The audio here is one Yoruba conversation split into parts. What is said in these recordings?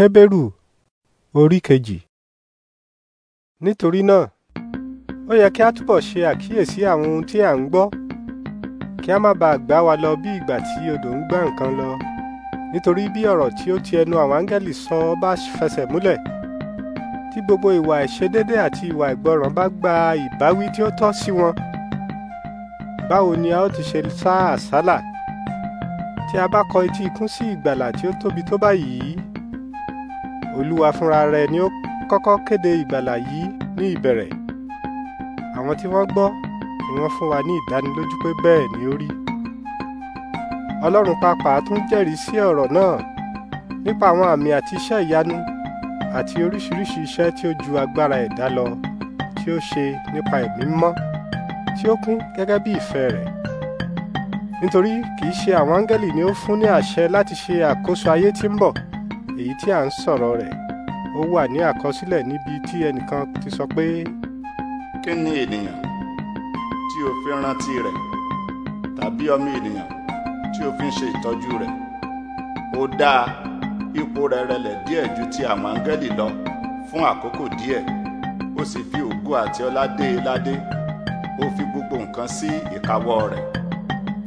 Hébérù orí kejì. Nítorí náà, ó yẹ kí a túbọ̀ ṣe àkíyèsí àwọn ohun tí à ń gbọ́, kí a má baà gbá wa lọ bí ìgbà tí odò ń gbá nǹkan lọ. Nítorí bí ọ̀rọ̀ tí ó ti ẹnu àwọn áńgẹ́lì sọ bá fẹsẹ̀ múlẹ̀, tí gbogbo ìwà ìṣedédé àti ìwà ìgbọràn bá gba ìbáwí tí ó tọ́ sí wọn, báwo ni a ó ti ṣe sá àsálà? Tí a bá kọ etí ikún sí ìgbàlà tí ó tóbi tó báyìí, olúwa fúnra rẹ̀ ni ó kọ́kọ́ kéde ìgbàlà yìí ní ìbẹ̀rẹ̀ àwọn tí wọ́n gbọ́ ni wọ́n fún wa ní ìdánilójú pé bẹ́ẹ̀ ni ó rí ọlọ́run pàápàá tún jẹ́rìí sí ọ̀rọ̀ náà nípa àwọn àmì àti iṣẹ́ ìyanu àti oríṣiríṣi iṣẹ́ tí ó ju agbára ẹ̀dá lọ tí ó ṣe nípa ẹ̀mí mọ́ tí ó kún gẹ́gẹ́ bí ìfẹ́ rẹ̀ nítorí kìí ṣe àwọn áńgẹ́lì ni ó fún ní àṣẹ láti ṣe àkóso ayé tí ń bọ̀ èyí tí à ń sọ̀rọ̀ rẹ̀ ó wà ní àkọsílẹ̀ níbi tí ẹnìkan ti sọ pé. kí ni ènìyàn tí o fi rántí rẹ̀ tàbí ọmọ ènìyàn tí o fi ń ṣe ìtọ́jú rẹ̀ ó dáa ipò rẹ̀ rẹlẹ̀ díẹ̀ ju ti àwọn áńgẹ́lì lọ fún àkókò díẹ̀ ó sì fi ògo àti ọlá dé e ládé ó fi gbogbo nǹkan sí ìkáwọ́ rẹ̀.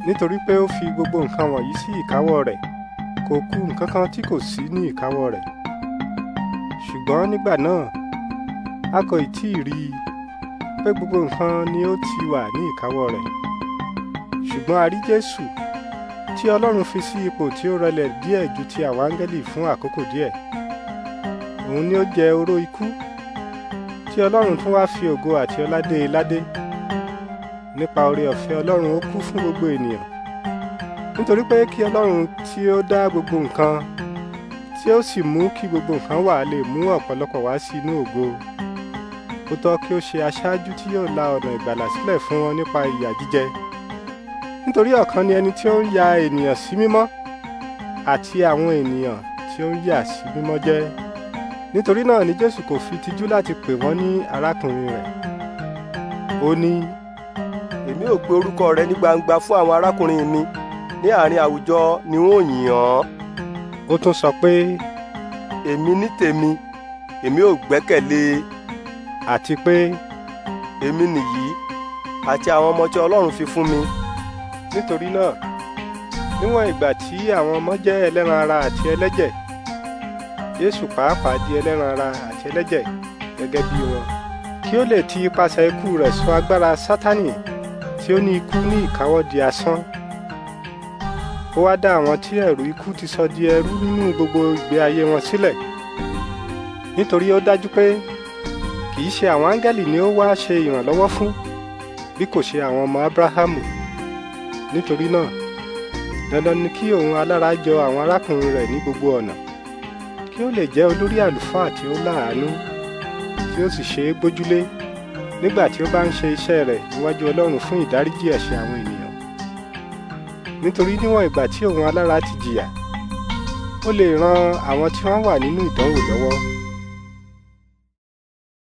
nítorí pé ó fi gbogbo nǹkan wọ̀nyí sí ìkáwọ́ rẹ̀ kò kú nǹkan kan tí kò sí ní ìkáwọ́ rẹ̀ ṣùgbọ́n nígbà náà a kò rí i pé gbogbo nǹkan ni ó ti wà ní ìkáwọ́ rẹ̀ ṣùgbọ́n a rí Jésù tí Ọlọ́run fi sí ipò tí ó rẹlẹ̀ díẹ̀ ju ti àwọn áńgẹ́lì fún àkókò díẹ̀ òun ni ó jẹ oró ikú tí Ọlọ́run tún wáá fi ògo àti ọlá dé e ládé nípa oore ọ̀fẹ́ Ọlọ́run ó kú fún gbogbo ènìyàn nítorí pé kí ọlọ́run tí ó dá gbogbo nǹkan tí ó sì mú kí gbogbo nǹkan wà lè mú ọ̀pọ̀lọpọ̀ wá sí inú ògo ó tọ́ kí ó ṣe aṣáájú tí yóò la ọ̀nà ìgbàlà sílẹ̀ fún wọn nípa ìyà jíjẹ nítorí ọ̀kan ni ẹni tí ó ń ya ènìyàn sí mímọ́ àti àwọn ènìyàn tí ó ń yà sí mímọ́ jẹ́ nítorí náà ni jésù kò fi tijú láti pè wọ́n ní arákùnrin rẹ̀ ó ní. èmi ò pe orúkọ rẹ ní gbangba fún àwọn arákùnrin mi ní àárín àwùjọ ni wọ́n yìn ọ́. ó tún sọ pé. èmi ní tèmi èmi ò gbẹ́kẹ̀lé e. àti pé èmi nìyí àti àwọn ọmọ tí ọlọ́run fi fún mi. nítorí náà níwọ̀n ìgbà tí àwọn ọmọ jẹ́ ẹlẹ́ran ara àti ẹlẹ́jẹ̀ Jésù pàápàá di ẹlẹ́ran ara àti ẹlẹ́jẹ̀ gẹ́gẹ́ bí wọn kí ó lè ti ipasẹ̀ ikú rẹ̀ sọ agbára Sátánì tí ó ní ikú ní ìkáwọ́ di asán ó wá dá àwọn tí ẹ̀rù ikú ti sọ di ẹrú nínú gbogbo ìgbé ayé wọn sílẹ̀ nítorí ó dájú pé kì í ṣe àwọn áńgẹ́lì ni ó wá ṣe ìrànlọ́wọ́ fún bí kò ṣe àwọn ọmọ abrahamu nítorí náà dandan ni kí òun alára jọ àwọn arákùnrin rẹ̀ ní gbogbo ọ̀nà kí ó lè jẹ́ olórí àlùfáà tí ó láàánú tí ó sì ṣe é gbójúlé nígbà tí ó bá ń ṣe iṣẹ́ rẹ̀ níwájú ọlọ́run fún ìdáríjì ẹ̀ṣẹ̀ àwọn ènìyàn nítorí níwọ̀n ìgbà tí òun alára ti jìyà ó lè ran àwọn tí wọ́n wà nínú ìdánwò lọ́wọ́